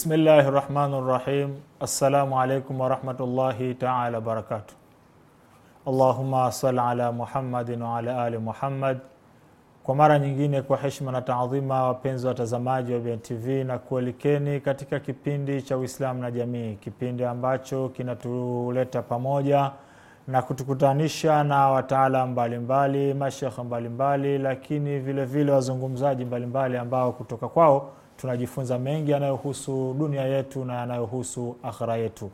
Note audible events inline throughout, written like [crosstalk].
Bismillahi rahmani rahim. Assalamu alaikum warahmatullahi taala wabarakatu. allahuma sali ala Muhammadin wa ala ali Muhammad. Kwa mara nyingine, kwa heshima na taadhima, wapenzi wa watazamaji wa BN na kuelikeni katika kipindi cha Uislamu na Jamii, kipindi ambacho kinatuleta pamoja na kutukutanisha na wataalam mbalimbali, mashekhe mbalimbali, lakini vilevile vile wazungumzaji mbalimbali ambao kutoka kwao tunajifunza mengi yanayohusu dunia yetu na yanayohusu akhira yetu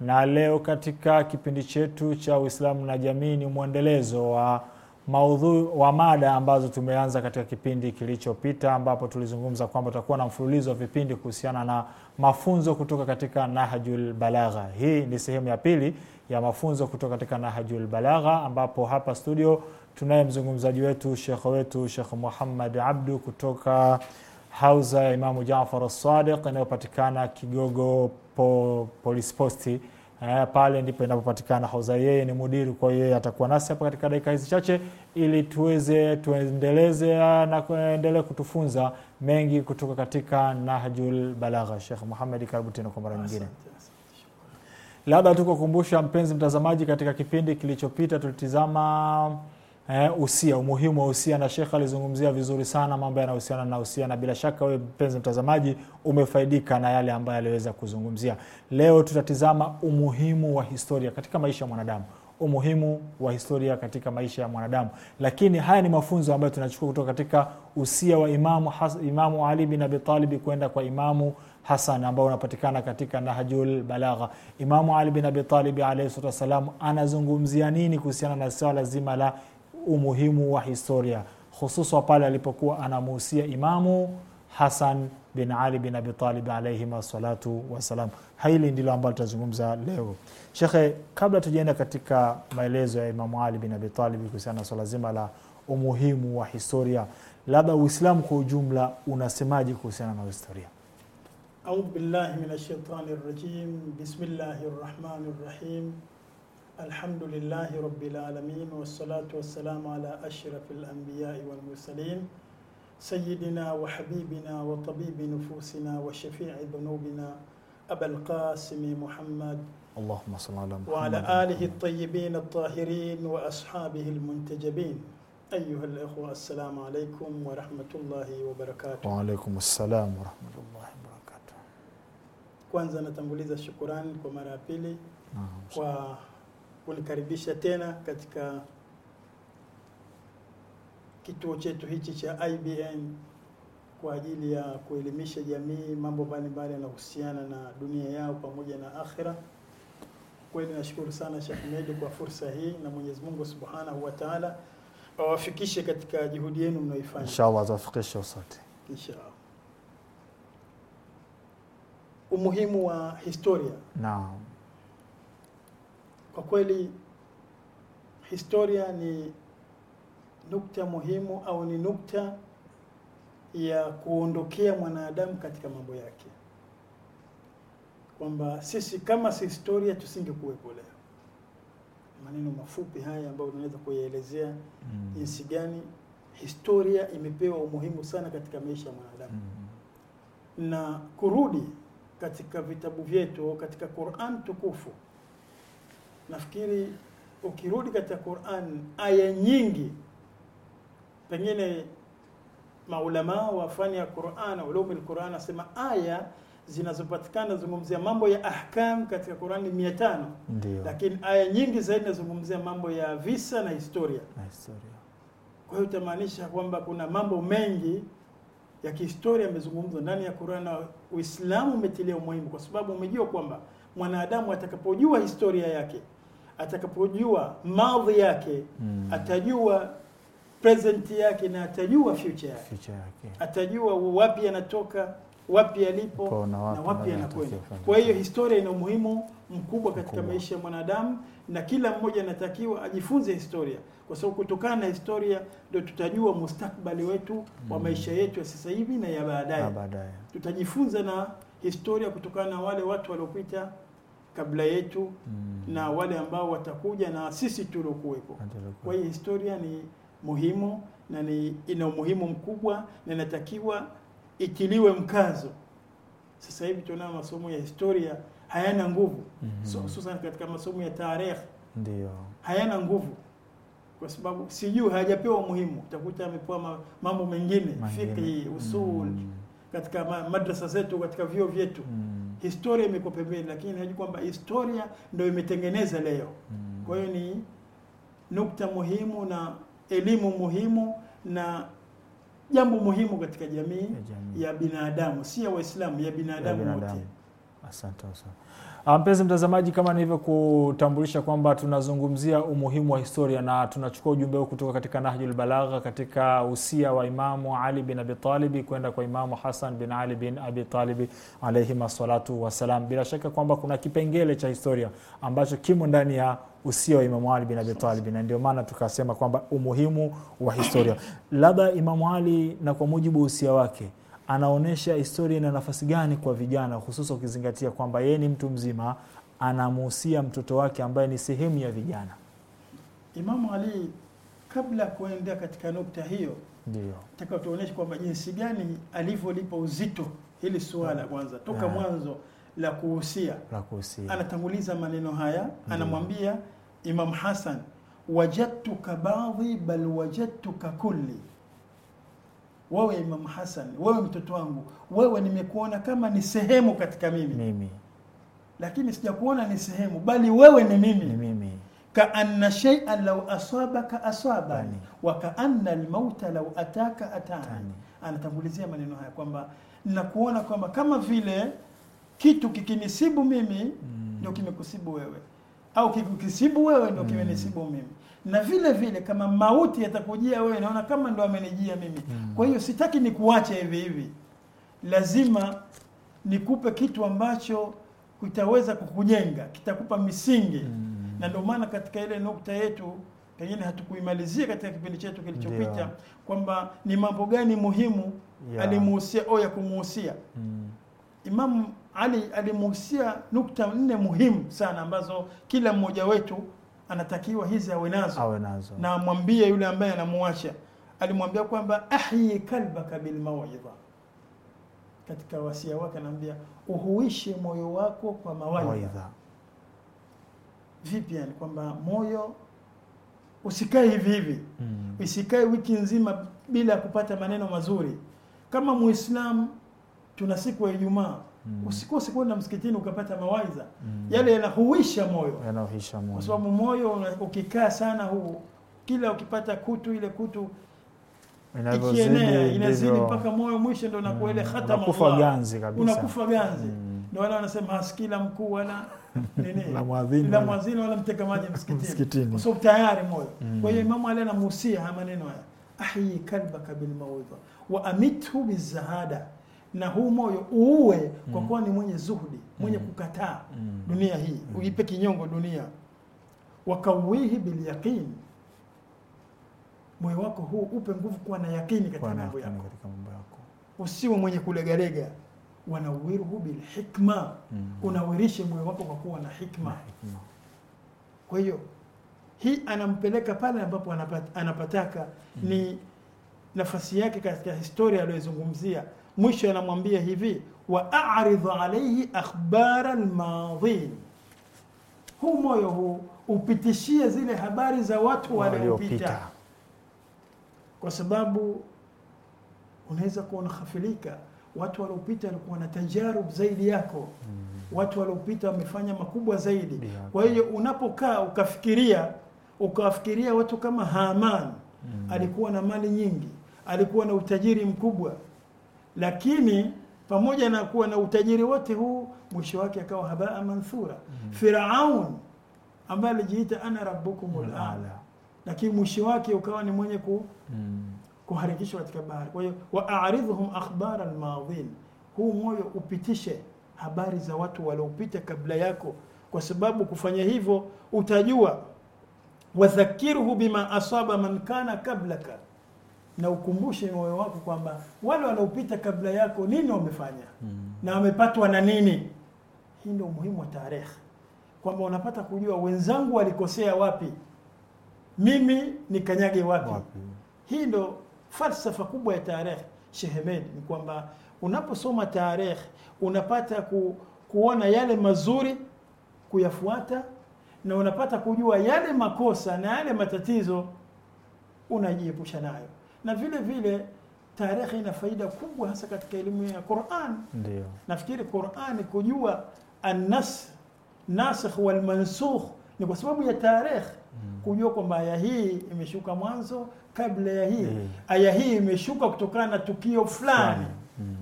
na leo katika kipindi chetu cha uislamu na jamii ni mwendelezo wa maudhui wa mada ambazo tumeanza katika kipindi kilichopita ambapo tulizungumza kwamba tutakuwa na mfululizo wa vipindi kuhusiana na mafunzo kutoka katika nahjul balagha hii ni sehemu ya pili ya mafunzo kutoka katika nahjul balagha ambapo hapa studio tunaye mzungumzaji wetu shekhe wetu shekh muhammad abdu kutoka hauza ya Imamu Jafar Assadiq inayopatikana Kigogo po, polisi posti eh, pale ndipo inapopatikana hauza. Yeye ni mudiri, kwa hiyo yeye atakuwa nasi hapa katika dakika hizi chache, ili tuweze tuendeleze ah, na kuendelea kutufunza mengi kutoka katika Nahjul Balagha. Sheikh Muhammad, karibu tena kwa mara nyingine. Labda tukukumbusha mpenzi mtazamaji, katika kipindi kilichopita tulitizama eh, usia umuhimu wa usia na Sheikh alizungumzia vizuri sana mambo yanayohusiana na usia na bila shaka wewe mpenzi mtazamaji umefaidika na yale ambayo aliweza kuzungumzia leo tutatizama umuhimu wa historia katika maisha ya mwanadamu umuhimu wa historia katika maisha ya mwanadamu lakini haya ni mafunzo ambayo tunachukua kutoka katika usia wa imamu, has, imamu ali bin Abi Talib kwenda kwa imamu hasan ambao unapatikana katika nahjul balagha imamu ali bin Abi Talib alayhi salatu wassalam anazungumzia nini kuhusiana na swala zima la umuhimu wa historia hususan pale alipokuwa anamuhusia Imamu Hasan bin Ali bin Abi Talib alaihima wassalam. Hili ndilo ambalo tutazungumza leo shekhe. Kabla tujaenda katika maelezo ya Imamu Ali bin Abi Talib kuhusiana na swala zima la umuhimu wa historia, labda Uislamu kwa ujumla unasemaje kuhusiana na historia? Audhu billahi minash shaitani rrajim. Bismillahi rrahmani rrahim الحمد لله رب العالمين والصلاة والسلام على أشرف الأنبياء والمرسلين سيدنا وحبيبنا وطبيب نفوسنا وشفيع ذنوبنا أبا القاسم محمد اللهم صل على محمد وعلى آله الطيبين الطاهرين وأصحابه المنتجبين أيها الإخوة السلام عليكم ورحمة الله وبركاته وعليكم السلام ورحمة الله وبركاته كوانزا نتنبوليزا شكران kwa بيلي ya kunikaribisha tena katika kituo chetu hichi cha IBN kwa ajili ya kuelimisha jamii mambo mbalimbali yanahusiana na dunia yao pamoja na akhira. Kweli nashukuru sana Sheikh Medi kwa fursa hii, na Mwenyezi Mungu Subhanahu wa Ta'ala awafikishe katika juhudi yenu mnaoifanya. Inshallah azafikishe sote. Inshallah. Umuhimu wa historia. Naam. Kwa kweli historia ni nukta muhimu au ni nukta ya kuondokea mwanadamu katika mambo yake, kwamba sisi kama si historia tusingekuwepo leo. Maneno mafupi haya ambayo unaweza kuyaelezea mm. jinsi gani historia imepewa umuhimu sana katika maisha ya mwanadamu mm. na kurudi katika vitabu vyetu katika Qur'an tukufu nafikiri ukirudi katika Qur'an aya nyingi, pengine maulamaa wa fani ya Qur'an, ulumu al-Qur'an, asema aya zinazopatikana zungumzia mambo ya ahkam katika Qur'an ni 500 lakini aya nyingi zaidi nazungumzia mambo ya visa na historia na historia. Kwa hiyo utamaanisha kwamba kuna mambo mengi ya kihistoria yamezungumzwa ndani ya Qur'an na Uislamu umetilia umuhimu, kwa sababu umejua kwamba mwanadamu atakapojua historia yake atakapojua madhi yake mm. atajua present yake na atajua future yake, future yake. atajua wapi anatoka wapi alipo na wapi anakwenda. Kwa hiyo historia ina umuhimu mkubwa katika mkubwa. maisha ya mwanadamu na kila mmoja anatakiwa ajifunze historia, kwa sababu kutokana na historia ndio tutajua mustakbali wetu mm. wa hmm. maisha yetu ya sasa hivi na ya baadaye. Tutajifunza na historia kutokana na wale watu waliopita kabla yetu mm. na wale ambao watakuja na sisi tuliokuwepo. Kwa hiyo historia ni muhimu na ni ina umuhimu mkubwa na inatakiwa itiliwe mkazo. Sasa hivi tunayo masomo ya historia hayana nguvu mm -hmm. hususan so, katika masomo ya tarehe ndio hayana nguvu kwa sababu sijui hajapewa umuhimu. Utakuta amepewa mambo mengine, fikri usul mm. katika madrasa zetu, katika vyuo vyetu mm. Historia imekuwa pembeni, lakini najua kwamba historia ndio imetengeneza leo. Mm. Kwa hiyo ni nukta muhimu na elimu muhimu na jambo muhimu katika jamii ya, jamii ya binadamu, si ya Waislamu, ya binadamu wote. Asante sana. Ah, mpenzi mtazamaji, kama nilivyokutambulisha kwamba tunazungumzia umuhimu wa historia na tunachukua ujumbe huu kutoka katika Nahjul Balagha katika usia wa Imamu Ali bin Abi Talib kwenda kwa Imamu Hassan bin Ali bin Abi Talib alayhima salatu wassalam. Bila shaka kwamba kuna kipengele cha historia ambacho kimo ndani ya usia wa Imamu Ali bin Abi Talib, na ndio maana tukasema kwamba umuhimu wa historia. Labda Imamu Ali na kwa mujibu usia wake anaonyesha historia ina nafasi gani kwa vijana, hususa ukizingatia kwamba yeye ni mtu mzima, anamuhusia mtoto wake ambaye ni sehemu ya vijana. Imamu Ali, kabla ya kuendea katika nukta hiyo, ndio nataka tuonyeshe kwamba jinsi gani alivyolipa uzito hili suala kwanza toka mwanzo la kuhusia la kuhusia, anatanguliza maneno haya, anamwambia Imam Hasan, wajadtuka baadhi bal wajadtuka kulli wewe Imam Hassan, wewe mtoto wangu, wewe nimekuona kama ni sehemu katika mimi, mimi. Lakini sijakuona ni sehemu, bali wewe ni mimi, ni mimi. Kaanna shay'an law asabaka asabani yaani. wa anna almauta law ataka atani. Yaani. Anatangulizia maneno haya kwamba nakuona kwamba kama vile kitu kikinisibu mimi mm. ndio mm. kimekusibu wewe au kikikisibu wewe ndio mm. kimenisibu mimi na vile vile kama mauti yatakujia wewe, naona kama ndo amenijia mimi mm. Kwa hiyo sitaki nikuache hivi hivi, lazima nikupe kitu ambacho kitaweza kukujenga, kitakupa misingi mm. Na ndio maana katika ile nukta yetu pengine hatukuimalizia katika kipindi chetu kilichopita yeah. Kwamba ni mambo gani muhimu yeah. alimuhusia au ya kumuhusia mm. Imamu Ali alimuhusia nukta nne muhimu sana ambazo kila mmoja wetu anatakiwa hizi awe nazo, awe nazo. Na amwambie yule ambaye anamuacha, alimwambia kwamba ahyi kalbaka bilmawidha, katika wasia wake anaambia uhuishe moyo wako kwa mawaidha. Vipi yani? Kwamba moyo usikae hivi hivi mm. Usikae wiki nzima bila kupata maneno mazuri. Kama Muislamu tuna siku ya Ijumaa mm. usikose kwenda msikitini ukapata mawaidha mm. yale yanahuisha moyo, yanahuisha moyo, kwa sababu moyo ukikaa sana huu, kila ukipata kutu ile kutu ikienea inazidi mpaka moyo, mwisho ndo nakuwa ile mm. hatama, unakufa ganzi kabisa, unakufa ganzi mm. ndo wale wanasema askila ah, mkuu wala [laughs] la mwadhini la mwadhini wala mteka maji msikitini, kwa sababu tayari moyo mm. kwa hiyo Imamu Ali anamuhusia haya maneno haya, ahyi kalbaka bilmaudha wa amithu bizahada na huu moyo uue kwa mm. kuwa ni mwenye zuhudi, mwenye mm. kukataa mm. dunia hii, uipe kinyongo dunia. Wakawihi bilyaqini, moyo wako huu upe nguvu kuwa na yakini katika mambo yako, usiwe mwenye kulegalega. Wanawiruhu bilhikma, unawirishe moyo wako kwa kuwa na hikma. Kwa hiyo hii anampeleka pale ambapo anapataka, ni nafasi yake katika historia aliyozungumzia mwisho anamwambia hivi wa a'ridhu alaihi akhbara almadhin huu moyo huu upitishie zile habari za watu waliopita kwa sababu unaweza kuwa unaghafilika watu waliopita walikuwa na tajarub zaidi yako mm. watu waliopita wamefanya makubwa zaidi yeah. kwa hiyo unapokaa ukafikiria ukawafikiria watu kama Haman mm. alikuwa na mali nyingi alikuwa na utajiri mkubwa lakini pamoja na kuwa na utajiri wote huu mwisho wake akawa habaa manthura mm -hmm. Firaun ambaye alijiita ana rabbukumul lala lakini mwisho wake ukawa ni mwenye ku, mm -hmm. kuharikishwa katika bahari. Kwa hiyo waaridhhum akhbara almadhin, huu moyo upitishe habari za watu waliopita kabla yako, kwa sababu kufanya hivyo utajua. Wadhakiruhu bima asaba man kana kablaka na ukumbushe moyo wako kwamba wale wanaopita kabla yako nini wamefanya mm. na wamepatwa na nini. Hii ndio umuhimu wa tarehe, kwamba unapata kujua wenzangu walikosea wapi, mimi nikanyage wapi, wapi. Hii ndio falsafa kubwa ya tarehe Shehemed, ni kwamba unaposoma tarehe unapata ku, kuona yale mazuri kuyafuata, na unapata kujua yale makosa na yale matatizo unajiepusha nayo na vile vile tarehe ina faida kubwa hasa katika elimu ya Qur'an. Ndio nafikiri Qur'an kujua an-nas nasikh wal mansukh ni kwa sababu ya tarehe mm. kujua kwamba aya hii imeshuka mwanzo kabla ya hii mm. aya hii imeshuka kutokana na tukio fulani mm.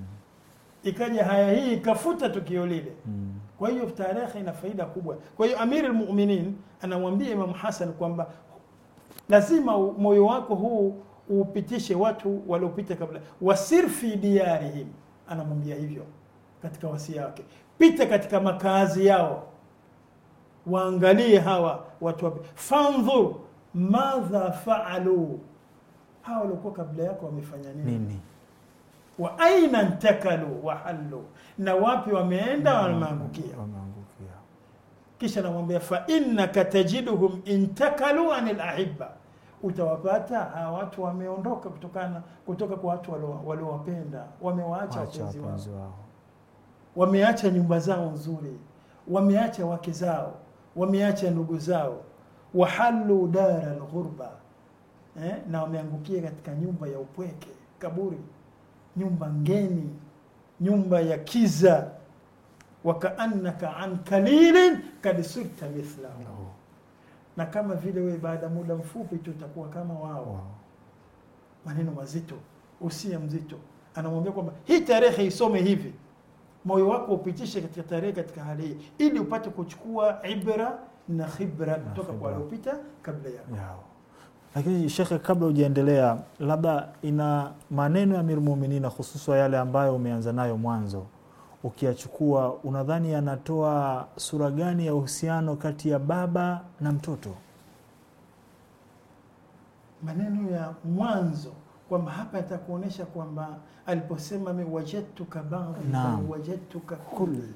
ikaja haya hii ikafuta tukio lile mm. kwa hiyo tarehe ina faida kubwa. Kwa hiyo Amir al-Mu'minin anamwambia Imam Hassan kwamba lazima moyo wako huu upitishe watu waliopita kabla, wasir fi diyarihim, anamwambia hivyo katika wasia wake, pita katika makazi yao, waangalie hawa watu wapi, fandhur madha faalu, hawa waliokuwa kabla yako wamefanya nini, nini? wa aina ntakalu halu, na wapi wameenda, wameangukia. Kisha namwambia fa innaka tajiduhum intakalu ani lahiba utawapata hawa ah, watu wameondoka kutokana kutoka kwa watu waliowapenda, wamewaacha wapenzi wao, wameacha nyumba zao nzuri, wameacha wake zao, wameacha ndugu zao, wahallu dara alghurba eh, na wameangukia katika nyumba ya upweke, kaburi, nyumba ngeni, nyumba ya kiza, wakaannaka an kalilin kad sirta mithlahu na kama vile wewe, baada muda mfupi tu utakuwa kama wao. Maneno mazito, usia mzito, anamwambia kwamba hii tarehe isome hivi, moyo wako upitishe katika tarehe, katika hali hii, ili upate kuchukua ibra na khibra kutoka kwa waliopita kabla yako yeah. Lakini shekhe, kabla hujaendelea, labda ina maneno ya Amirul Muminina, hususan yale ambayo umeanza nayo mwanzo ukiyachukua, unadhani yanatoa sura gani ya uhusiano kati ya baba na mtoto? Maneno ya mwanzo kwamba hapa yatakuonyesha kwamba aliposema wajadtuka ba'dhan wajadtuka kulli,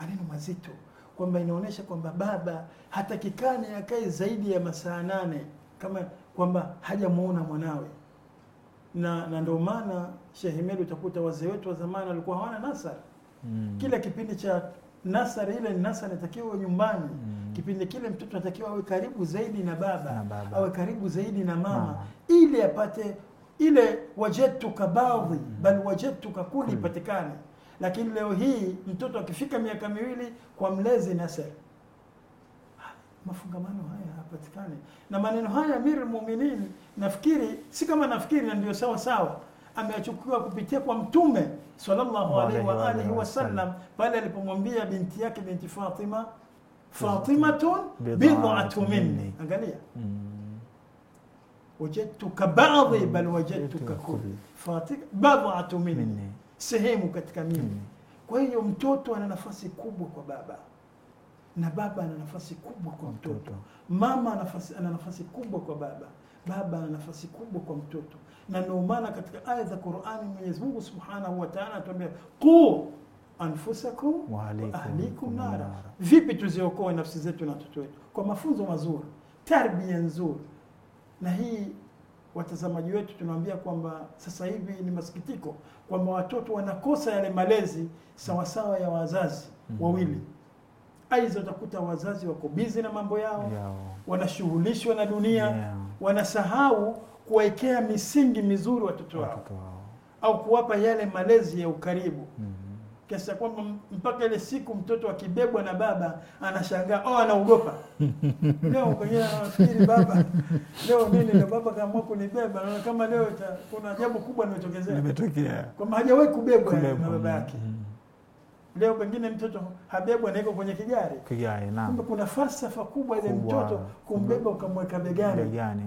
maneno mazito kwamba inaonyesha kwamba baba hatakikani akae zaidi ya masaa nane kama kwamba hajamwona mwanawe na, na ndio maana Shehe Meli, utakuta wazee wetu wa zamani walikuwa hawana nasari mm. Kila kipindi cha nasari ile ni nasari inatakiwa nyumbani mm. Kipindi kile mtoto anatakiwa awe karibu zaidi na baba, na baba, awe karibu zaidi na mama, mama. ili apate ile wajadtuka baadhi mm. bali wajadtuka kuli ipatikane mm. Lakini leo hii mtoto akifika miaka miwili kwa mlezi nasari mafungamano haya hayapatikani, na maneno haya Amir Mu'minin, nafikiri si kama nafikiri, na ndio sawa sawa ameachukiwa kupitia kwa Mtume sallallahu alaihi wa alihi wasallam pale alipomwambia binti yake binti Fatima, Fatimatun bid'atu minni, angalia mm. wajadtuka badhi mm. bal wajadtuka kulli, Fatima bad'atu minni, sehemu katika mimi. Kwa hiyo mtoto ana nafasi kubwa kwa baba na baba ana nafasi kubwa kwa mtoto, mama ana nafasi kubwa kwa baba, baba ana nafasi kubwa kwa mtoto na ndio maana katika aya za Qur'ani Mwenyezi Mungu Subhanahu wa Ta'ala anatuambia qu anfusakum wa ahlikum nara. Vipi tuziokoe nafsi zetu na watoto wetu? Kwa mafunzo mazuri, tarbia nzuri. Na hii watazamaji wetu tunawaambia kwamba sasa hivi ni masikitiko kwamba watoto wanakosa yale malezi sawasawa ya wazazi mm -hmm. wawili Aidha utakuta wazazi wako bizi na mambo yao, yeah. wanashughulishwa na dunia yeah. wanasahau kuwekea misingi mizuri watoto wao au kuwapa yale malezi ya ukaribu mm -hmm. kiasi kwamba mpaka ile siku mtoto akibebwa na baba anashangaa, oh, anaogopa [laughs] leo kwenye anafikiri baba leo mimi na baba kaamua kunibeba, naona kama leo kuna jambo kubwa limetokezea, limetokea kwamba hajawahi kubebwa na baba yake mm -hmm. Leo pengine mtoto habebwa na kwenye kigari kigari, naam, kuna falsafa kubwa ile mtoto kumbeba ukamweka begani begani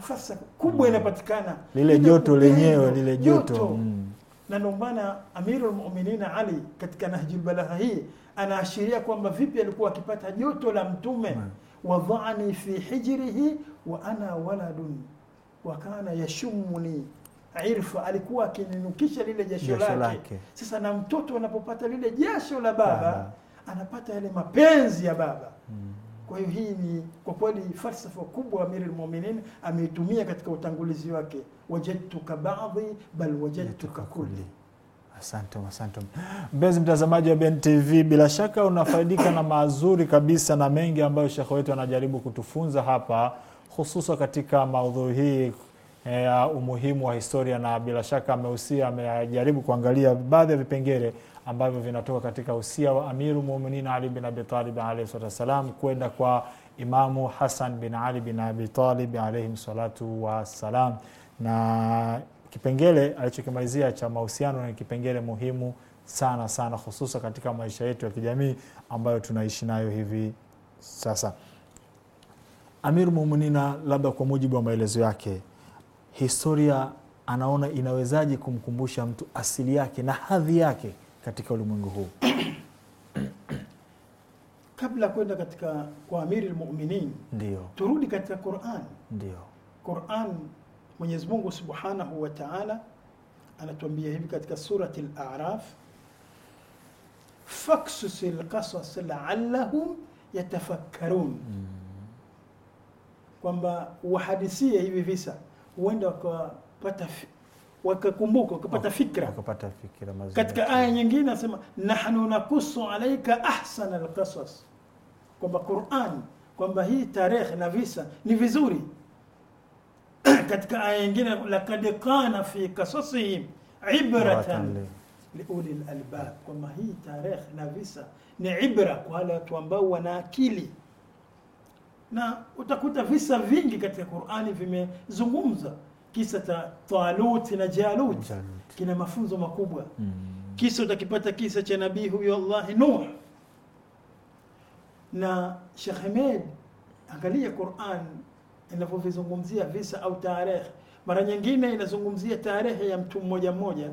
nafasi kubwa mm. inapatikana lile joto lenyewe, lile joto mm. Na ndio maana Amirul Mu'minin Ali katika Nahjul Balagha hii anaashiria kwamba vipi alikuwa akipata joto la mtume mm. wadhani fi hijrihi wa ana waladun wa kana yashumuni irfa, alikuwa akinunukisha lile jasho lake. Sasa na mtoto anapopata lile jasho la baba, baba anapata yale mapenzi ya baba mm. Kwa hiyo hii ni kwa kweli falsafa kubwa Amir al-Mu'minin ameitumia katika utangulizi wake, wajadtuka ba'dhi bal wajadtuka kulli. Asante, asante Mpenzi mtazamaji wa BNTV, bila shaka unafaidika na mazuri kabisa na mengi ambayo shekhe wetu anajaribu kutufunza hapa, hususa katika maudhui hii ya umuhimu wa historia, na bila shaka amehusia, amejaribu kuangalia baadhi ya vipengele ambavyo vinatoka katika usia wa Amiru Muminin Ali bin Abi Talib alayhi kwenda kwa Imamu Hasan bin Ali bin Abi Talib salatu wassalam, na kipengele alichokimalizia cha mahusiano ni kipengele muhimu sana sana, hususa katika maisha yetu ya kijamii ambayo tunaishi nayo hivi sasa. Amiru Muminina, labda kwa mujibu wa maelezo yake historia anaona inawezaje kumkumbusha mtu asili yake na hadhi yake katika ulimwengu huu. [clears throat] Kabla kwenda katika kwa Amiri lmuminin, ndio turudi katika Quran. Ndio Quran, Mwenyezi Mungu subhanahu wa taala anatuambia hivi katika surati laraf faksus lkasas laalahum yatafakkarun, mm. kwamba wahadisie hivi visa huenda wakapata wakakumbuka wakapata oh, fikra, wakapata fikra mazuri. Katika aya nyingine nasema nahnu nakusu alaika ahsana alqasas, kwamba Qur'an kwamba hii tarehe na visa ni vizuri. [clears throat] Katika aya nyingine lakad kana fi qasasihim ibratan liuli lalbab, kwamba hii tarehe na visa ni ibra kwa wale watu ambao wana akili na utakuta visa vingi katika Qur'ani vimezungumza kisa cha Talut na Jalut, kina mafunzo makubwa mm. Kisa utakipata kisa cha nabii huyo Allah Nuh na Sheikh Ahmed. Angalia Qur'an inavyovizungumzia visa au tarehe. Mara nyingine inazungumzia tarehe ya mtu mmoja mmoja,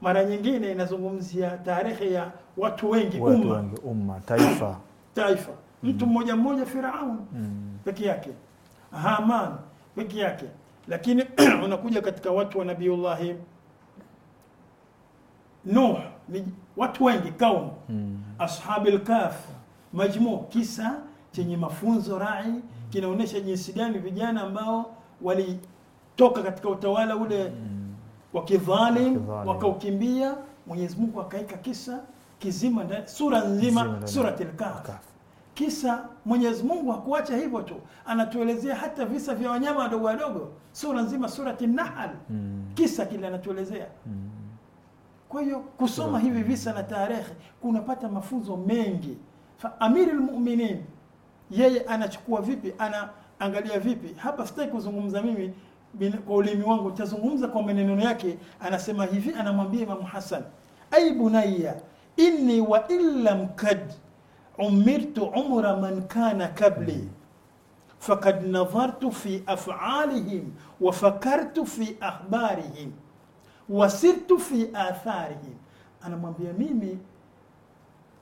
mara nyingine inazungumzia tarehe ya watu wengi, umma, umma, taifa taifa mtu mm-hmm. mmoja mmoja, Firaun mm-hmm. peke yake, Haman peke yake. Lakini [clears throat] unakuja katika watu wa Nabiullahi Nuh, ni watu wengi kaum mm-hmm. ashabi kahf majmu, kisa chenye mafunzo rai, kinaonyesha jinsi gani vijana ambao walitoka katika utawala ule wa kidhalim wakaukimbia, Mwenyezi Mungu akaika kisa kizima, sura nzima, surat lkaf Kisa Mwenyezi Mungu hakuacha hivyo tu, anatuelezea hata visa vya wanyama wadogo wadogo, sura nzima, surati Nahal mm. kisa kile anatuelezea mm. Kwa hiyo kusoma hivi visa na tarehe kunapata mafunzo mengi. Fa Amirul Mu'minin yeye anachukua vipi, anaangalia vipi? Hapa sitaki kuzungumza mimi kwa ulimi wangu, tazungumza kwa maneno yake. Anasema hivi, anamwambia Imamu Hasan, ai bunayya inni wa illam kad umirtu umra man kana kabli fakad nadhartu fi af'alihim wa fakartu fi akhbarihim wasirtu fi atharihim, anamwambia mimi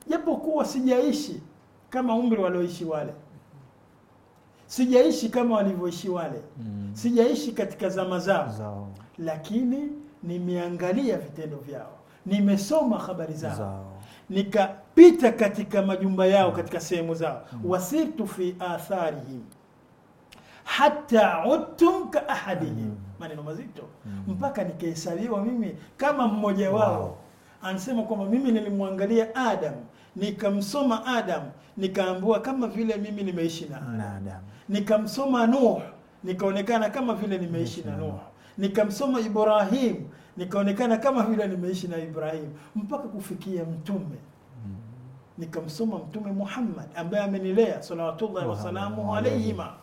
japokuwa sijaishi kama umri walioishi wale, sijaishi kama walivyoishi wale mm. sijaishi katika zama zao lakini nimeangalia vitendo vyao, nimesoma habari zao, zao. Nika pita katika majumba yao mm. katika sehemu zao mm. wasirtu fi atharihim hata udtum ka ahadihim mm. maneno mazito mm. mpaka nikahesabiwa mimi kama mmoja wao wow. anasema kwamba mimi nilimwangalia Adam nikamsoma Adam nikaambua kama vile mimi nimeishi na Adam. nikamsoma Nuh nikaonekana kama vile nimeishi na Nuh nikamsoma Ibrahim nikaonekana kama vile nimeishi na Ibrahim mpaka kufikia mtume nikamsoma Mtume Muhammad ambaye amenilea salawatullahi wasalamu alaihima,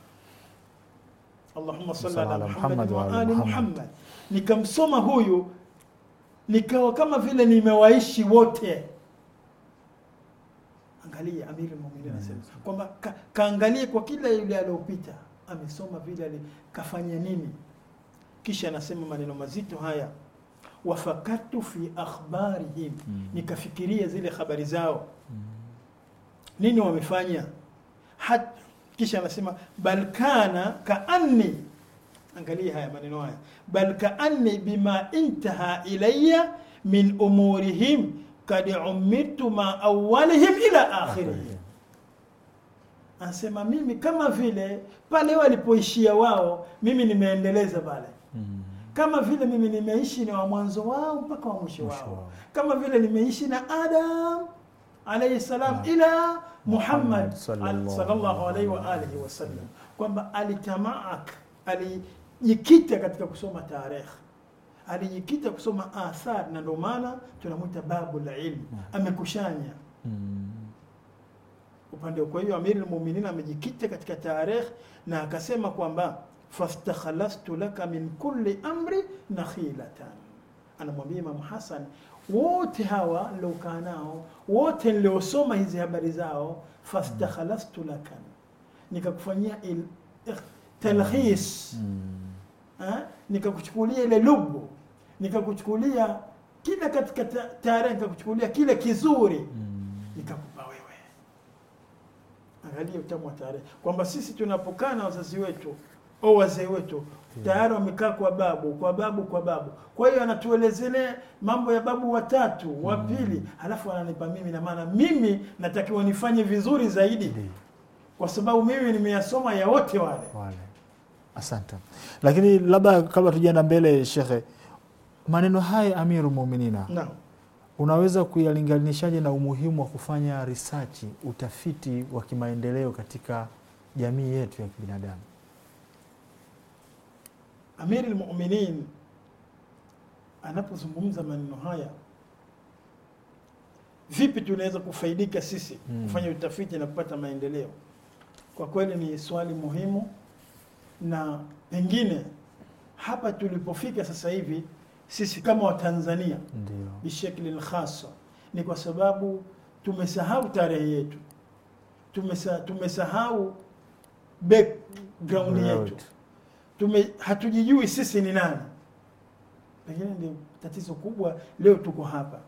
allahumma salli ala Muhammad wa ali Muhammad. Nikamsoma huyu nikawa kama vile nimewaishi wote. Angalia Amiri Muuminin mm. anasema kwamba ka, kaangalie kwa kila yule aliyopita amesoma vile kafanya nini, kisha anasema maneno mazito haya wafakartu fi akhbarihim, mm. nikafikiria zile habari zao mm. nini wamefanya Hat, kisha anasema bal kana kaanni, angalia haya maneno haya, bal kaanni bima intaha ilayya min umurihim kad umirtu ma awwalihim ila akhirihim Anasema mimi kama vile pale walipoishia wao, mimi nimeendeleza pale mm kama vile mimi nimeishi na wa mwanzo wao mpaka wa mwisho wao, kama vile nimeishi na Adam alayhi salam ila Muhammad sallallahu alayhi wa alihi wasallam, kwamba alitamaak alijikita katika kusoma tarehe, alijikita kusoma athar, na ndio maana tunamwita babu la ilmu, hmm. amekushanya hmm. upande. Kwa hiyo Amirul Mu'minin amejikita katika tarehe na akasema kwamba fastakhlastu laka min kulli amri nakhilatan, anamwambia Imamu Hasan, wote hawa niliokaa nao wote niliosoma hizi habari zao, fastakhlastu laka, nikakufanyia talkhis mm. eh? nikakuchukulia ile lubu, nikakuchukulia kila katika tarehe, nikakuchukulia kile kizuri mm. nikakupa wewe. Angalia utamu wa tarehe, kwamba sisi tunapokana wazazi wetu au wazee wetu tayari wamekaa kwa babu kwa babu kwa babu. Kwa hiyo anatuelezelea mambo ya babu watatu wa mm. pili, halafu ananipa mimi, na maana mimi natakiwa nifanye vizuri zaidi mm. kwa sababu mimi nimeyasoma ya wote wale wale. Asante, lakini labda kabla tujaenda mbele, shekhe, maneno haya Amiru Muuminina unaweza kuyalinganishaje na umuhimu wa kufanya risachi, utafiti wa kimaendeleo katika jamii yetu ya kibinadamu? Amiri lmuminin anapozungumza maneno haya, vipi tunaweza kufaidika sisi mm. kufanya utafiti na kupata maendeleo? Kwa kweli ni swali muhimu, na pengine hapa tulipofika sasa hivi sisi kama Watanzania bishekli khasa ni kwa sababu tumesahau tarehe yetu, tumesahau background yetu tume hatujijui sisi ni nani. Pengine ndio tatizo kubwa leo tuko hapa,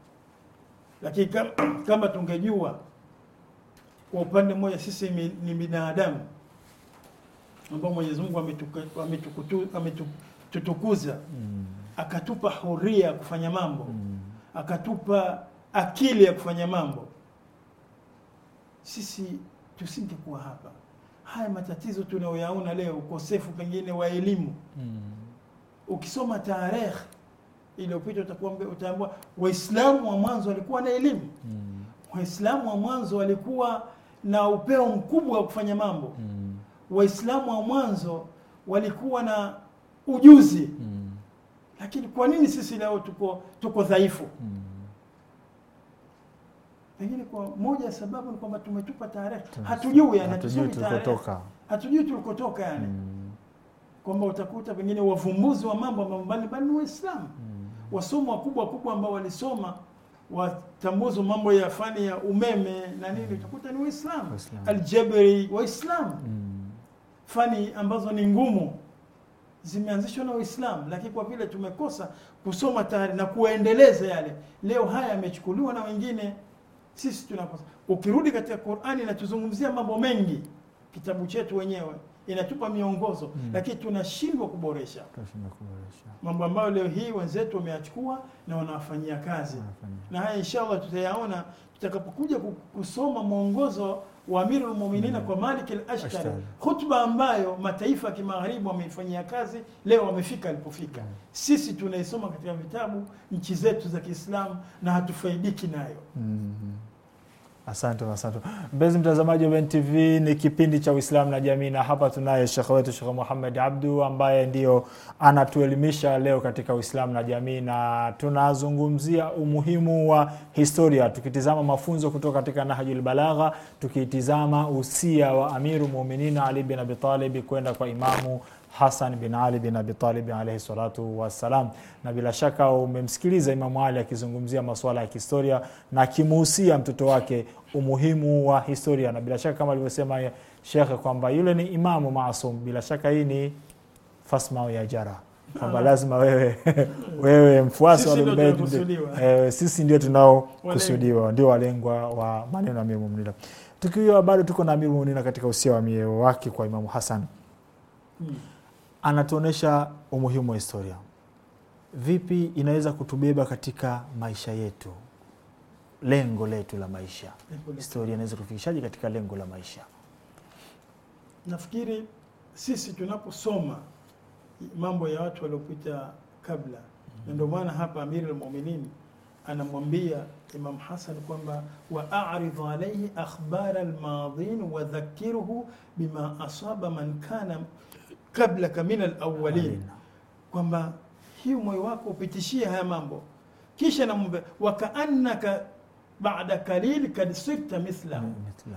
lakini kama, [clears throat] kama tungejua kwa upande mmoja sisi mi, ni binadamu ambao Mwenyezi Mungu ametutukuza mm. akatupa huria ya kufanya mambo mm. akatupa akili ya kufanya mambo, sisi tusingekuwa hapa haya matatizo tunayoyaona leo, ukosefu pengine wa elimu mm. Ukisoma tarehe iliyopita utakuwa utaambua Waislamu wa mwanzo walikuwa na elimu mm. Waislamu wa mwanzo walikuwa na upeo mkubwa wa kufanya mambo mm. Waislamu wa mwanzo walikuwa na ujuzi mm. Lakini kwa nini sisi leo tuko tuko dhaifu mm pengine kwa moja sababu ni kwamba tumetupa tarehe, hatujui yani, hatujui tulikotoka, hatujui tulikotoka yani mm. kwamba utakuta pengine wavumbuzi wa mambo mbalimbali ni Waislamu mm. wasomo wakubwa kubwa ambao walisoma watambuzo mambo ya fani ya umeme na nini mm. utakuta ni Waislamu, aljebri Waislamu mm. fani ambazo ni ngumu zimeanzishwa na Waislamu, lakini kwa vile tumekosa kusoma tayari na kuendeleza yale, leo haya yamechukuliwa na wengine sisi tunapasa ukirudi katika Qur'ani inatuzungumzia mambo mengi, kitabu chetu wenyewe inatupa miongozo hmm. lakini tunashindwa kuboresha, kuboresha mambo ambayo leo hii wenzetu wameyachukua na wanawafanyia kazi, na haya inshallah tutayaona tutakapokuja kusoma mwongozo wa Amirul Muminina mm. kwa Malik al-Ashtar, khutba ambayo mataifa ya kimagharibi wameifanyia kazi, leo wamefika alipofika. Mm. Sisi tunaisoma katika vitabu nchi zetu za Kiislamu na hatufaidiki nayo. Mm-hmm. Asante, asante mpenzi mtazamaji wa NTV, ni kipindi cha Uislamu na Jamii, na hapa tunaye shekhe wetu Shekhe Muhammad Abdu ambaye ndio anatuelimisha leo katika Uislamu na Jamii, na tunazungumzia umuhimu wa historia, tukitizama mafunzo kutoka katika Nahjul Balagha, tukitizama usia wa Amiru Muminina Ali bin Abi Talib kwenda kwa Imamu Hasan bin Ali bin Abi Talib salatu wassalam. Na bila shaka umemsikiliza Imamu Ali akizungumzia masuala ya kihistoria na akimuhusia mtoto wake umuhimu wa historia, na bila shaka kama alivyosema Shekhe kwamba yule ni imamu masum Bila shaka hii ni fasmau ya jara kwamba lazima wewe [laughs] wewe mfuasi wa sisi ndio tunaokusudiwa, ndio walengwa wa maneno ya Muminina. Tukiwa bado tuko na Amiru Muminina katika usia wa mieo wake kwa Imamu Hasan hmm anatuonesha umuhimu wa historia, vipi inaweza kutubeba katika maisha yetu, lengo letu la maisha. Historia inaweza kutufikishaje katika lengo la maisha? Nafikiri sisi tunaposoma mambo ya watu waliopita kabla, na ndio maana hapa Amiri Almuminin anamwambia Imam Hasan kwamba wa aridhu alaihi akhbara almadhin wadhakiruhu bima asaba man kana qablaka minal alawalin, kwamba hiyo moyo wako upitishie haya mambo. Kisha namwambia wakaannaka baada kalil kad sirta mm, mithla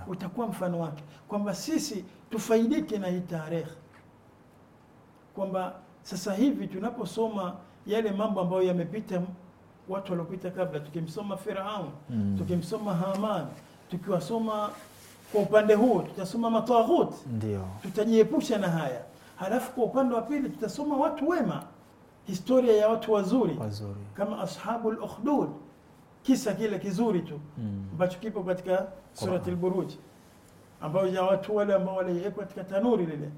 utakuwa mfano wake, kwamba sisi tufaidike na hii tarehe, kwamba sasa hivi tunaposoma yale mambo ambayo yamepita watu waliopita kabla, tukimsoma Firaun mm. tukimsoma Haman, tukiwasoma kwa upande huo tutasoma mataghut, ndio tutajiepusha na haya Halafu kwa upande wa pili tutasoma watu wema, historia ya watu wazuri, wazuri. kama ashabul ukhdud, kisa kile kizuri tu hmm. ambacho mm. kipo katika surati al-Buruj, ambayo ya watu wale ambao waliwekwa katika tanuri lile.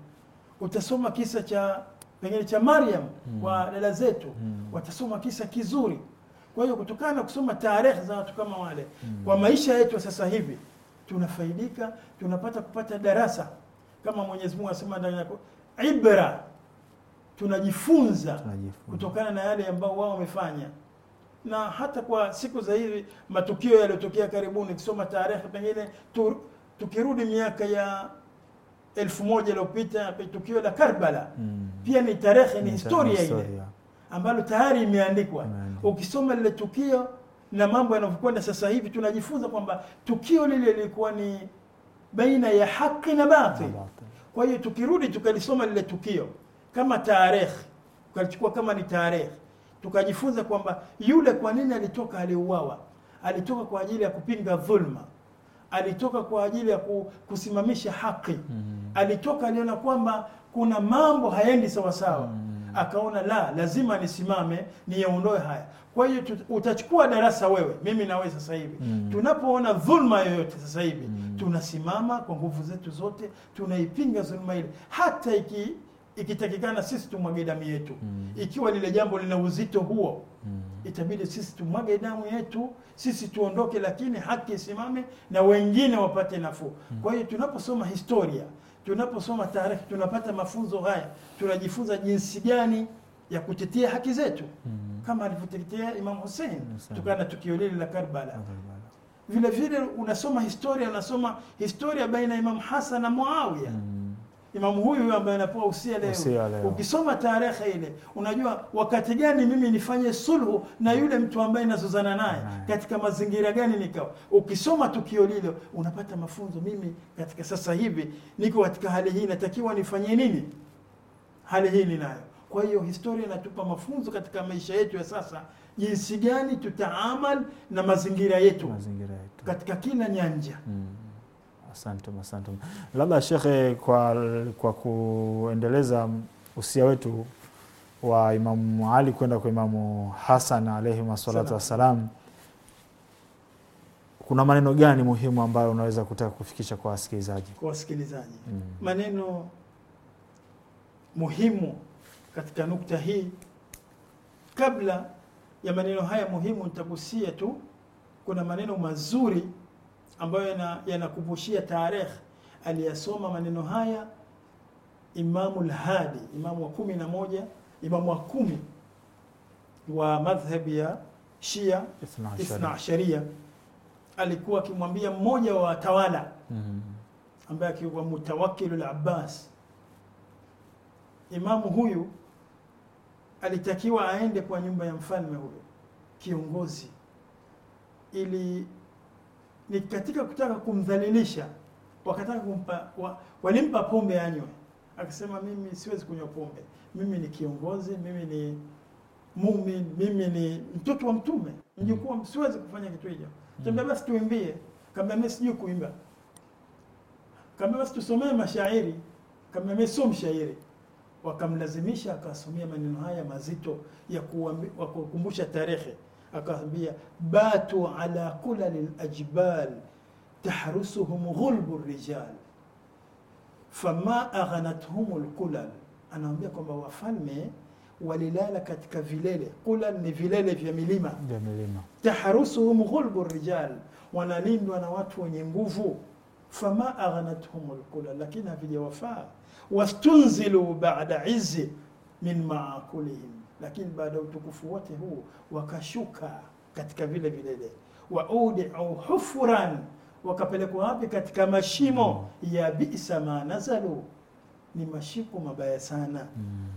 Utasoma kisa cha pengine cha Maryam mm. wa dada zetu mm. watasoma kisa kizuri. Kwa hiyo kutokana na kusoma tarehe za watu kama wale mm. kwa maisha yetu sasa hivi tunafaidika, tunapata kupata darasa kama Mwenyezi Mungu asema ndani ya ibra, tunajifunza, kutokana na yale ambayo wao wamefanya, na hata kwa siku za hivi matukio yaliyotokea karibuni, kisoma tarehe pengine tu, tukirudi miaka ya elfu moja iliyopita tukio la Karbala mm. pia ni tarehe, ni historia ile ambalo tayari imeandikwa. Ukisoma lile tukio na mambo yanavyokwenda sasa hivi, tunajifunza kwamba tukio lile lilikuwa ni baina ya haki na batil kwa hiyo tukirudi tukalisoma lile tukio kama tarehe, tukalichukua kama ni tarehe, tukajifunza kwamba yule kwa nini alitoka, aliuawa, alitoka kwa ajili ya kupinga dhulma, alitoka kwa ajili ya kusimamisha haki mm. Alitoka aliona kwamba kuna mambo haendi sawasawa mm. Akaona la lazima nisimame, niondoe haya kwa hiyo utachukua darasa wewe, mimi nawe sasa hivi mm. tunapoona dhulma yoyote sasa hivi mm. tunasimama kwa nguvu zetu zote, tunaipinga dhulma ile, hata iki ikitakikana sisi tumwage damu yetu mm. ikiwa lile jambo lina uzito huo mm. itabidi sisi tumwage damu yetu, sisi tuondoke, lakini haki isimame na wengine wapate nafuu mm. kwa hiyo tunaposoma historia, tunaposoma taarikhi, tunapata mafunzo haya, tunajifunza jinsi gani ya kutetea haki zetu mm kama alivyotetea Imam Hussein kutokana na tukio lile la Karbala. Vile vile unasoma historia, unasoma historia baina ya Imam Hassan na Muawiya mm. Imam huyu ambaye anapewa usia leo, ukisoma tarehe ile unajua wakati gani mimi nifanye sulhu na mm. yule mtu ambaye nazozana naye, mm. katika mazingira gani nikawa. Ukisoma tukio lile unapata mafunzo, mimi katika sasa hivi niko katika hali hii, natakiwa nifanye nini, hali hii ninayo kwa hiyo historia inatupa mafunzo katika maisha yetu ya sasa, jinsi gani tutaamal na mazingira yetu, mazingira yetu katika kila nyanja mm. Asante, asante. Labda shekhe, kwa, kwa kuendeleza usia wetu wa Imamu Ali kwenda kwa Imamu Hasan alaihi wassalatu wassalam, kuna maneno gani muhimu ambayo unaweza kutaka kufikisha kwa wasikilizaji, kwa wasikilizaji mm. maneno muhimu katika nukta hii. Kabla ya maneno haya muhimu, nitagusia tu kuna maneno mazuri ambayo yanakumbushia yana tarehe aliyasoma maneno haya Imamu lhadi imamu wa kumi na moja, imamu wa kumi wa madhhabi ya Shia Ithna Asharia, alikuwa akimwambia mmoja wa watawala mm-hmm. ambaye akiwa mutawakilu labas Imamu huyu alitakiwa aende kwa nyumba ya mfalme huyo kiongozi, ili ni katika kutaka kumdhalilisha, wakataka kumpa wa, walimpa pombe anywe, akasema mimi siwezi kunywa pombe, mimi ni kiongozi, mimi ni mumin mimi ni mtoto wa mtume, mjukuu, siwezi kufanya kitu hicho. Tembea basi tuimbie, kama mimi sijui kuimba, kama basi tusomee mashairi, kama mimi sio mshairi wakamlazimisha akasomea maneno haya mazito ya kuwakumbusha tarehe, akawambia batu ala kulali lajbal tahrusuhum ghulbu rijal fama aghanathum lkulal, anaambia kwamba wafalme walilala katika vilele, kulal ni vilele vya milima, tahrusuhum ghulbu rijal, wanalindwa na watu wenye nguvu fama aghnatuhum lkula, lakini havijawafaa wastunzilu bada izi min maakulihim, lakini baada ya utukufu wote huu wakashuka katika vile vilele. Waudiu hufuran, wakapelekwa wapi? Katika mashimo ya bisa ma nazalu, ni mashiko mabaya sana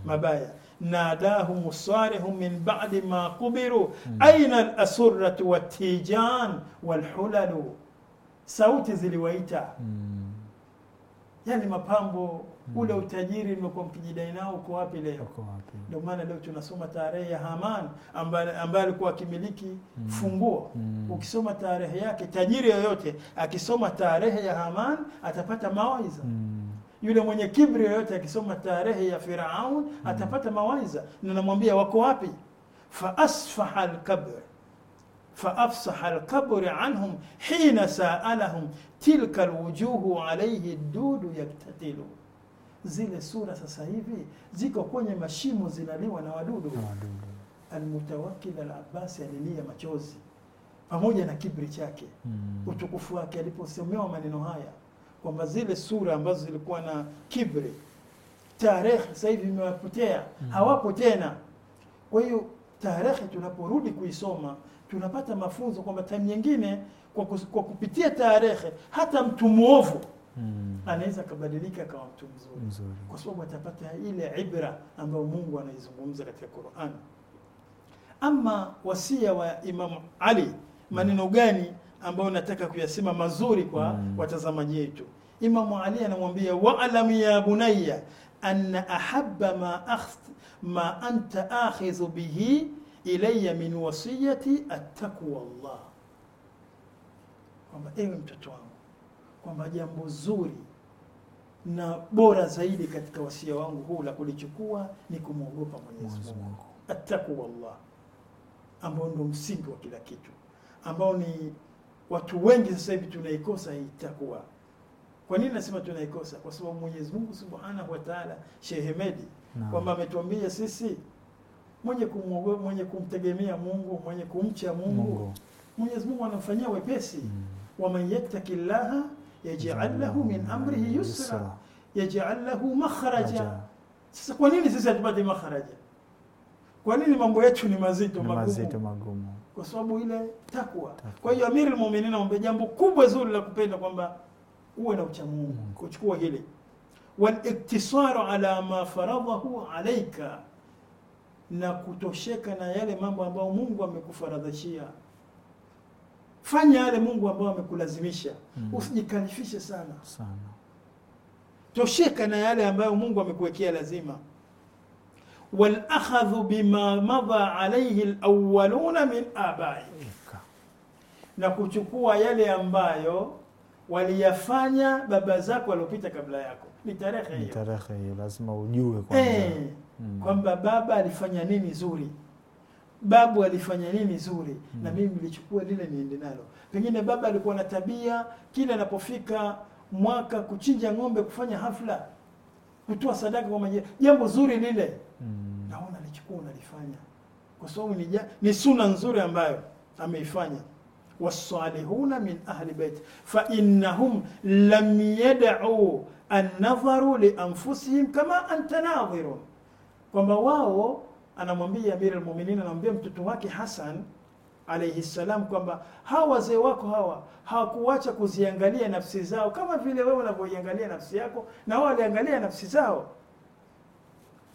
mabaya. Nadahum sarihum min badi ma qubiru aina asuratu watijan walhulalu sauti ziliwaita mm. yani mapambo mm. ule utajiri nimekuwa mkijidai nao uko wapi leo? Ndio maana leo tunasoma tarehe ya Haman ambaye alikuwa akimiliki mm. funguo mm. ukisoma tarehe yake, tajiri yoyote akisoma tarehe ya Haman atapata mawaidha mm. Yule mwenye kibri yoyote akisoma tarehe ya Firaun mm. atapata mawaidha, na namwambia wako wapi? fa asfaha alkabr faafsaha alqabri anhum hina saalahum tilka lwujuhu alaihi dudu yaktatilu, zile sura sasa hivi ziko kwenye mashimo zinaliwa na wadudu. Almutawakkil Al-Abbasi alilia machozi pamoja na kibri chake mm, utukufu wake aliposemewa maneno haya kwamba zile sura ambazo zilikuwa na kibri tarehe sasa hivi imewapotea, mm, hawapo tena. Kwa hiyo tarehe tunaporudi kuisoma tunapata mafunzo kwamba time nyingine kwa, kus, kwa kupitia tarehe hata mtu mwovu hmm. anaweza akabadilika akawa mtu mzuri, mzuri, kwa sababu atapata ile ibra ambayo Mungu anaizungumza katika Qur'an. Ama wasia wa Imam Ali, hmm. maneno gani ambayo nataka kuyasema mazuri kwa hmm. watazamaji wetu? Imam Ali anamwambia wa'lam ya bunayya anna ahabba ma ma anta akhidhu bihi ilayya min wasiyati attaqwa Allah, kwamba ewe mtoto wangu, kwamba jambo zuri na bora zaidi katika wasia wangu huu la kulichukua ni kumwogopa Mwenyezi Mungu, attaqwa Allah, ambao ndio msingi wa kila kitu, ambao ni watu wengi sasa hivi tunaikosa hii takwa. Kwa nini nasema tunaikosa? Kwa sababu Mwenyezi Mungu Subhanahu wa Ta'ala shehemedi kwamba ametuambia sisi mwenye kumwogopa, mwenye kumtegemea Mungu, mwenye kumcha Mungu, Mungu. Mwenyezi Mungu anamfanyia wepesi mm. waman yattaki llaha yaj'al lahu min amrihi yusra yaj'al lahu makhraja. Sasa kwa nini sisi hatupate makhraja? Kwa nini mambo yetu ni mazito magumu? Mazito magumu kwa sababu ile takwa. Kwa hiyo Amiri al-Mu'minin jambo kubwa zuri la kupenda kwamba uwe na ucha Mungu, mm. kuchukua hili wal iktisaru ala ma faradahu alayka na kutosheka na yale mambo ambayo Mungu amekufaradhishia. Fanya yale Mungu ambayo amekulazimisha. Mm. Usijikalifishe sana sana, tosheka na yale ambayo Mungu amekuwekea lazima. Wal akhadhu bima madha alayhi alawwaluna min abai, na kuchukua yale ambayo waliyafanya baba zako waliopita kabla yako. Ni tarehe hiyo, tarehe hiyo lazima ujue eh mm. kwamba baba alifanya nini zuri, babu alifanya nini zuri mm. na mimi nilichukua lile niende nalo. Pengine baba alikuwa na tabia kila anapofika mwaka kuchinja ng'ombe, kufanya hafla, kutoa sadaka kwa maji, jambo zuri lile mm. naona alichukua unalifanya kwa sababu ni, ni suna nzuri ambayo ameifanya wasalihuna min ahli bait fa innahum lam yad'u an nadharu li anfusihim kama anta nadhirun, kwamba wao, anamwambia Amir al-Mu'minin, anamwambia mtoto wake Hassan alayhi salam kwamba hawa wazee wako hawa hawakuacha kuziangalia nafsi zao kama vile wewe unavyoiangalia nafsi yako, na wao waliangalia nafsi zao.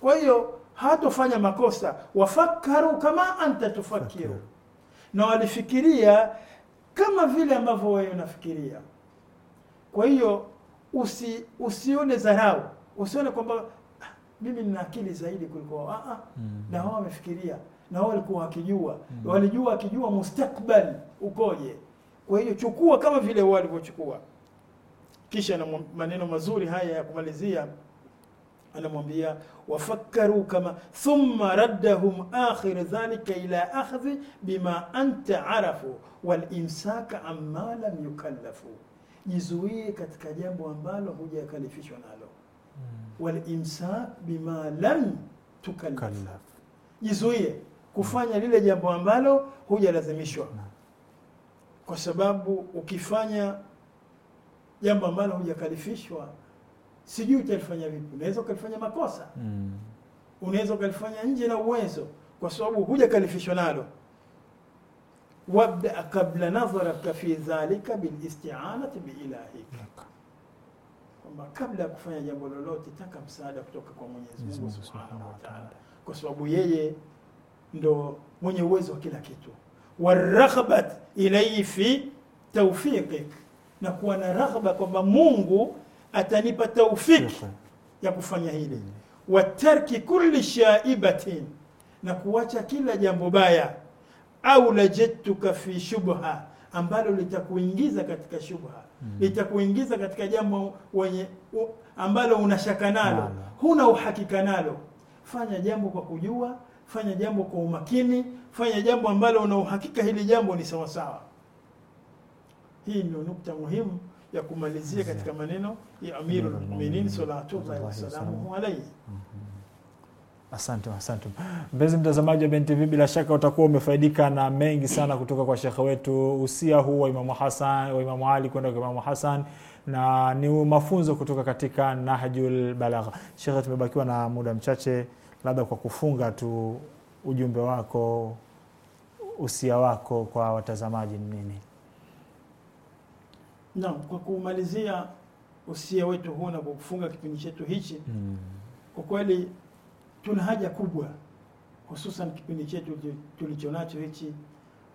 Kwa hiyo hatofanya makosa. Wafakaru kama anta tufakiru, na walifikiria kama vile ambavyo wewe unafikiria. Kwa hiyo usi, usione dharau, usione kwamba mimi nina akili zaidi kuliko wao. Ah, mm. na wao wamefikiria na wao walikuwa wakijua mm. walijua wakijua mustakbali ukoje. Kwa hiyo chukua kama vile wao walivyochukua. Kisha na maneno mazuri haya ya kumalizia anamwambia wafakkaru kama thumma raddahum akhir dhalika ila akhdhi bima anta arafu wal imsaka amma lam yukallafu, jizuie katika jambo ambalo hujakalifishwa nalo walimsak bima lam tukallaf, jizuie kufanya lile jambo ambalo hujalazimishwa, kwa sababu ukifanya jambo ambalo hujakalifishwa, sijui utalifanya vipi. Unaweza ukalifanya makosa mm. Unaweza ukalifanya nje na uwezo, kwa sababu hujakalifishwa nalo. Wabda kabla nadharaka fi dhalika bilistianati biilahika kwamba kabla ya kufanya jambo lolote, taka msaada kutoka kwa Mwenyezi Mungu Subhanahu wa Ta'ala, kwa sababu yeye ndo mwenye uwezo wa kila kitu. waraghabat ilayhi fi tawfiqik, na kuwa na raghba kwamba Mungu atanipa taufiki ya kufanya hili. watarki kulli shaibatin, na kuwacha kila jambo baya. au lajettuka fi shubha ambalo litakuingiza katika shubha mm. litakuingiza katika jambo wenye ambalo unashaka nalo, huna uhakika nalo. Fanya jambo kwa kujua, fanya jambo kwa umakini, fanya jambo ambalo una uhakika hili jambo ni sawasawa. Hii ndio nukta muhimu ya kumalizia katika maneno ya Amirul Mu'minin sallallahu alaihi wasallam Asante, asante mpenzi mtazamaji wa BNTV, bila shaka utakuwa umefaidika na mengi sana kutoka kwa shekhe wetu. Usia huu wa Imamu Hasan wa Imamu Ali kwenda kwa Imamu Hasan na ni mafunzo kutoka katika Nahjul Balagha. Shekhe, tumebakiwa na muda mchache, labda kwa kufunga tu, ujumbe wako, usia wako kwa watazamaji ni nini? Naam, kwa kumalizia usia wetu huu na kwa kufunga kipindi chetu hichi mm. kwa kweli tuna haja kubwa hususan kipindi chetu tulichonacho hichi,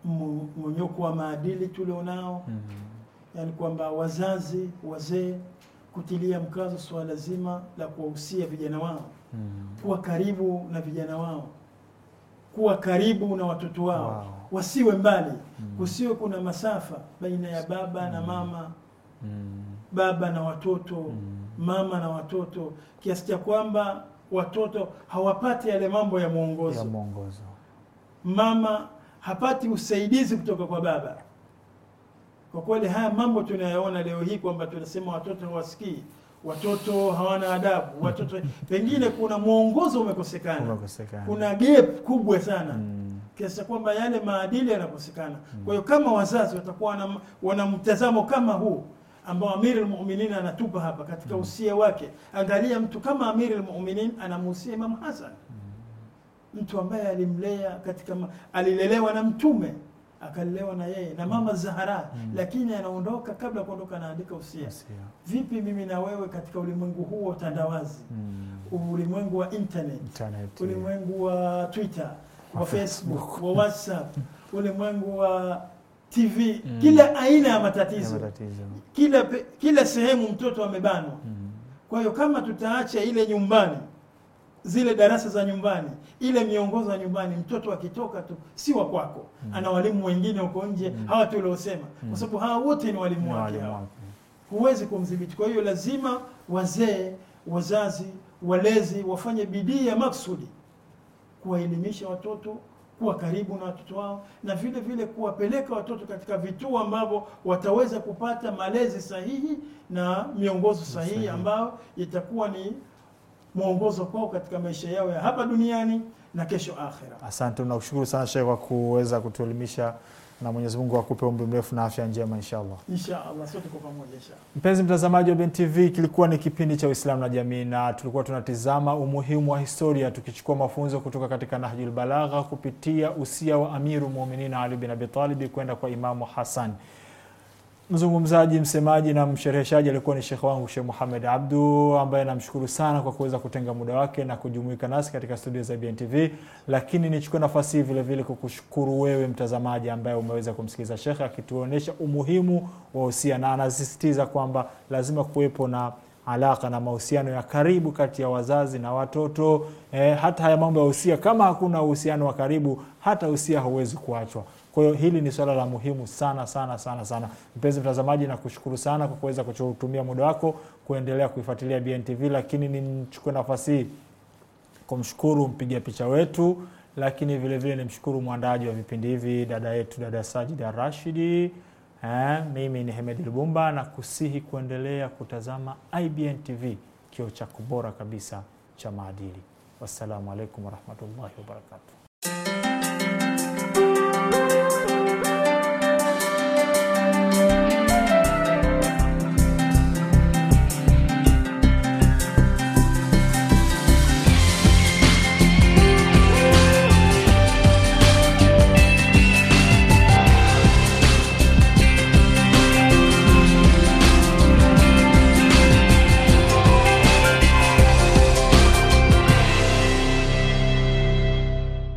mmonyoko wa maadili tulionao mm -hmm. Yani kwamba wazazi wazee kutilia mkazo swala zima la kuwahusia vijana wao mm -hmm. kuwa karibu na vijana wao, kuwa karibu na watoto wao wow. Wasiwe mbali mm -hmm. Kusiwe kuna masafa baina ya baba mm -hmm. na mm-hmm. mama mm -hmm. baba na watoto mm -hmm. mama na watoto kiasi cha kwamba watoto hawapati yale mambo ya mwongozo ya mwongozo. Mama hapati usaidizi kutoka kwa baba. Kwa kweli haya mambo tunayaona leo hii kwamba tunasema watoto hawasikii, watoto hawana adabu, watoto [laughs] pengine kuna mwongozo umekosekana, kuna gap kubwa sana mm. kiasi kwamba yale maadili yanakosekana mm. Kwa hiyo kama wazazi watakuwa wana mtazamo kama huu ambao al-Mu'minin anatupa hapa katika mm. usia wake. Angalia mtu kama al lmuminin anamhusia imam Hasan, mm. mtu ambaye alimlea katika, alilelewa na Mtume akalelewa na yeye na mm. mama Zahara Lakini anaondoka, kabla ya kuondoka anaandika usia. Vipi mimi na wewe katika ulimwengu huu wa utandawazi ulimwengu wa internet, internet ulimwengu wa Twitter, wa [laughs] Facebook, wa WhatsApp [laughs] ulimwengu wa TV mm. kila aina ya matatizo, matatizo. Kila, kila sehemu mtoto amebanwa mm. Kwa hiyo kama tutaacha ile nyumbani, zile darasa za nyumbani, ile miongozo ya nyumbani, mtoto akitoka tu si wa kwako mm. ana walimu wengine huko nje mm. hawa tuliosema mm. kwa sababu hawa wote ni walimu wake, hawa huwezi kumdhibiti. Kwa hiyo lazima wazee, wazazi, walezi wafanye bidii ya maksudi kuwaelimisha watoto kuwa karibu na watoto wao na vile vile kuwapeleka watoto katika vituo ambavyo wataweza kupata malezi sahihi na miongozo sahihi ambayo itakuwa ni mwongozo kwao katika maisha yao ya hapa duniani na kesho akhera. Asante, tunakushukuru sana Sheikh kwa kuweza kutuelimisha na Mwenyezi Mungu akupe umri mrefu na afya njema inshallah. Inshallah sote kwa pamoja inshallah. Mpenzi mtazamaji wa Ben TV, kilikuwa ni kipindi cha Uislamu na jamii na tulikuwa tunatizama umuhimu wa historia tukichukua mafunzo kutoka katika Nahjul Balagha kupitia usia wa Amiru Mu'minin Ali bin Abi Talib kwenda kwa Imamu Hassan. Mzungumzaji, msemaji na mshereheshaji alikuwa ni shekhe wangu shekh muhamed Abdu, ambaye namshukuru sana kwa kuweza kutenga muda wake na kujumuika nasi katika studio za BNTV. Lakini nichukue nafasi hii vilevile kukushukuru wewe mtazamaji, ambaye umeweza kumsikiliza shekhe akituonyesha umuhimu wa usia, na anasisitiza kwamba lazima kuwepo na alaka na mahusiano ya karibu kati ya wazazi na watoto. Eh, hata haya mambo ya usia, kama hakuna uhusiano wa karibu, hata usia hauwezi kuachwa. Kwa hiyo hili ni swala la muhimu sana sana sana sana. Mpenzi mtazamaji, nakushukuru sana kwa kuweza kutumia muda wako kuendelea kuifuatilia BNTV, lakini nimchukue nafasi hii kumshukuru mpiga picha wetu, lakini vilevile nimshukuru mwandaaji wa vipindi hivi dada yetu dada Sajid Rashidi. Eh, mimi ni Hemedi Lubumba na kusihi kuendelea kutazama IBN TV, kio chako bora kabisa cha maadili. Wassalamu alaikum warahmatullahi wabarakatuh.